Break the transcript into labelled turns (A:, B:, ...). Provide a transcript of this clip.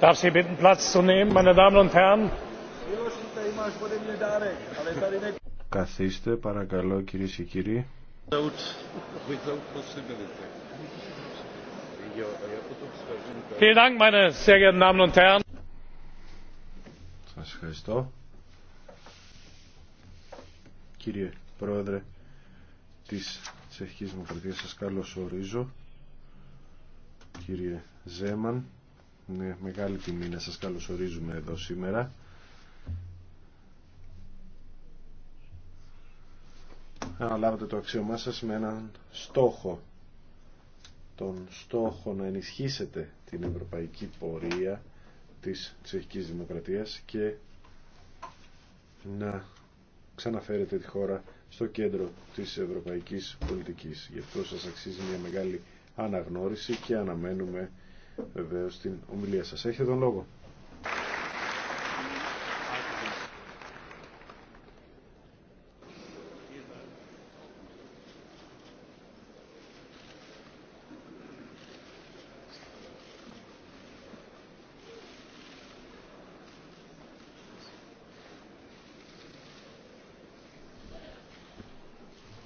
A: darf sie bitten platz zu nehmen meine damen und herren!
B: καθίστε παρακαλώ κυρίες και κύριοι. Σας
C: ευχαριστώ.
D: Κύριε Πρόεδρε της της Αρχικής Δημοκρατίας σας καλώς ορίζω κύριε Ζέμαν είναι μεγάλη τιμή να σας καλωσορίζουμε εδώ σήμερα αναλάβετε το αξίωμά σας με έναν στόχο τον στόχο να ενισχύσετε την ευρωπαϊκή πορεία της τσεχικής δημοκρατίας και να ξαναφέρετε τη χώρα στο κέντρο της ευρωπαϊκής πολιτικής. Γι' αυτό σας αξίζει μια μεγάλη αναγνώριση και αναμένουμε βεβαίως την ομιλία σας. Έχετε τον λόγο.